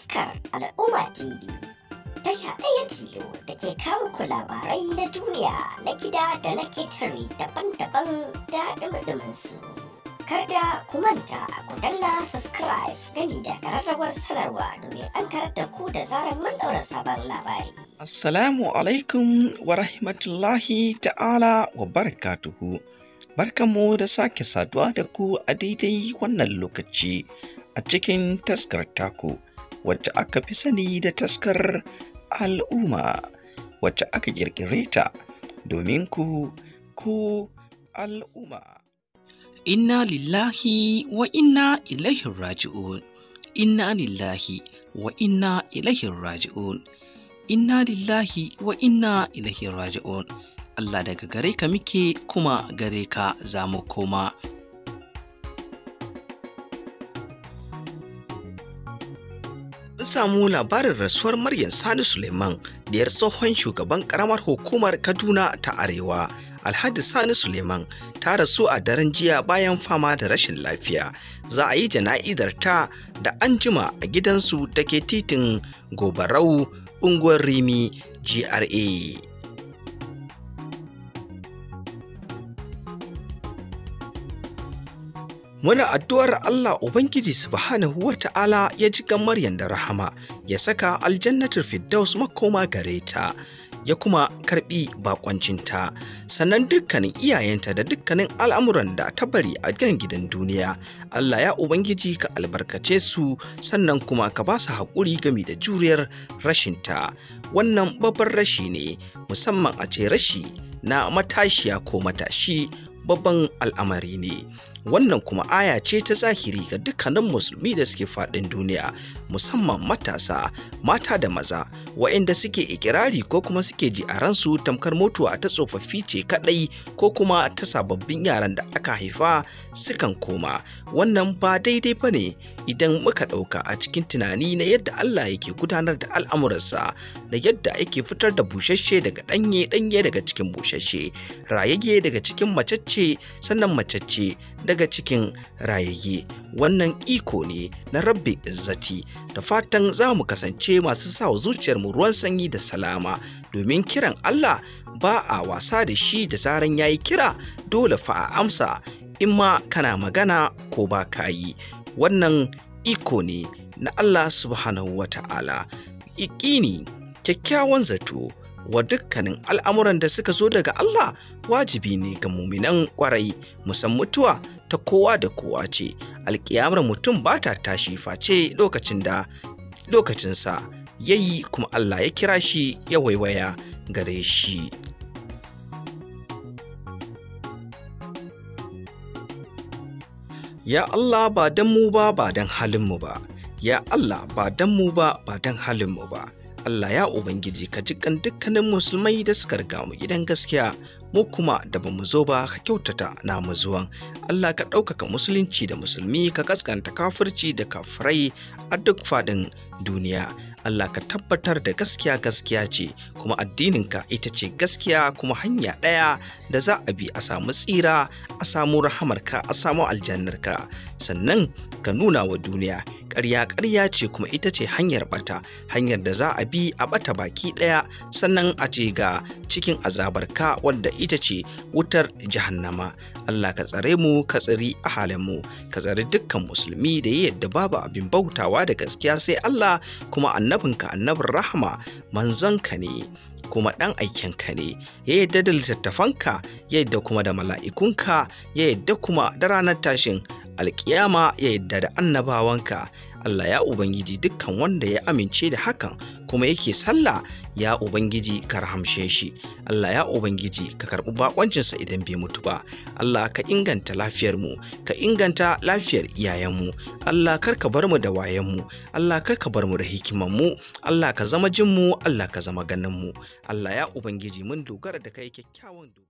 taskar al'umma tv tasha ɗaya tilo da ke kawo ku labarai na duniya na gida da na ketare daban-daban da ɗumɗumin su kada ku manta ku danna subscribe gami da ƙararrawar sanarwa domin an karar da ku da zarar mun ɗaura sabon labari assalamu alaikum wa rahmatullahi ta'ala wa barakatuhu barkanmu da sake saduwa da ku a daidai wannan lokaci a cikin taskar taku wacce aka fi sani da taskar al'umma wacce aka ƙirƙire ta domin ku ku al'umma. Inna lillahi wa inna ilaihi raji'un. Inna lillahi wa inna ilaihi raji'un. Inna lillahi wa inna ilaihi raji'un. Allah daga gare ka muke kuma gare ka za mu koma. samu labarin rasuwar Maryam Sani Suleiman da diyar tsohon shugaban karamar hukumar Kaduna ta Arewa. Alhaji Sani Suleiman ta rasu a daren jiya bayan fama da rashin lafiya. Za a yi jana'idar ta da anjima a gidansu da ke titin Gobarau, unguwar Rimi, GRA. Muna addu'ar Allah Ubangiji subhanahu wa ta'ala ya ji Maryam da rahama, ya saka aljannatul Firdaus makoma gare ta, ya kuma karbi bakoncinta, sannan dukkanin iyayenta da dukkanin al'amuran da ta bari a gan gidan duniya. Allah ya Ubangiji ka albarkace su, sannan kuma ka ba su haƙuri gami da juriyar rashinta. Wannan babban rashi ne, musamman a ce rashi na matashiya ko matashi babban al'amari ne. wannan kuma aya ce ta zahiri ga dukkanin musulmi da suke faɗin duniya musamman matasa mata da maza waɗanda suke ikirari ko kuma suke ji a ransu tamkar mutuwa ta tsofaffi ce kaɗai ko kuma ta sababbin yaran da aka haifa sukan koma wannan ba daidai ba ne idan muka ɗauka a cikin tunani na yadda Allah yake gudanar da al'amuransa da yadda yake fitar da bushashe daga ɗanye ɗanye daga cikin bushashe rayayye daga cikin macacce sannan macacce daga cikin rayayye wannan iko ne na rabbi izzati da fatan za mu kasance masu sa zuciyarmu ruwan sanyi da salama domin kiran Allah ba a wasa da shi da zaran yayi kira dole fa a amsa in ma kana magana ko ba ka yi wannan iko ne na Allah subhanahu wa ta'ala ikini kyakkyawan zato wa dukkanin al'amuran da suka zo daga Allah wajibi ne ga muminan kwarai musan mutuwa ta kowa da kowa ce alƙiyamar mutum ba ta tashi face lokacin da lokacinsa ya yi kuma Allah ya kira shi ya waiwaya gare shi Ya Allah ba don mu ba ba don halinmu ba, Ya Allah ba don mu ba ba don halinmu ba, Allah ya Ubangiji ka jikan dukkanin musulmai da suka riga mu gidan gaskiya mu kuma da ba mu zo ba ka kyautata na mu zuwan Allah ka ɗaukaka musulunci da musulmi ka kaskanta kafirci da kafirai a duk faɗin duniya Allah ka tabbatar da gaskiya gaskiya ce kuma addininka ita ce gaskiya kuma hanya ɗaya da za a bi a samu tsira a samu rahamarka a samu aljannarka sannan ka nuna wa duniya ƙarya ƙarya ce kuma ita ce hanyar ɓata, hanyar da za a bi a bata baki ɗaya sannan a ce ga cikin azabarka wadda ita ce wutar jahannama Allah ka tsare mu ka tsari mu ka tsari dukkan musulmi da yadda babu abin bautawa da gaskiya sai Allah kuma annabi annabinka annabin rahama ka ne kuma ɗan ka ne ya yadda da littattafanka ya yadda kuma da mala'ikunka ya yadda kuma da ranar tashin alkiyama ya yadda da annabawanka Allah ya Ubangiji dukkan wanda ya amince da hakan kuma yake sallah ya Ubangiji ka rahamshe shi Allah ya Ubangiji ka karɓi bakoncinsa idan bai mutu ba Allah ka inganta lafiyarmu ka inganta lafiyar iyayenmu Allah kar ka bar mu da wayenmu Allah kar ka bar mu da hikimanmu Allah ka zama jinmu Allah ka zama ganinmu Allah ya Ubangiji mun dogara da kai kyakkyawan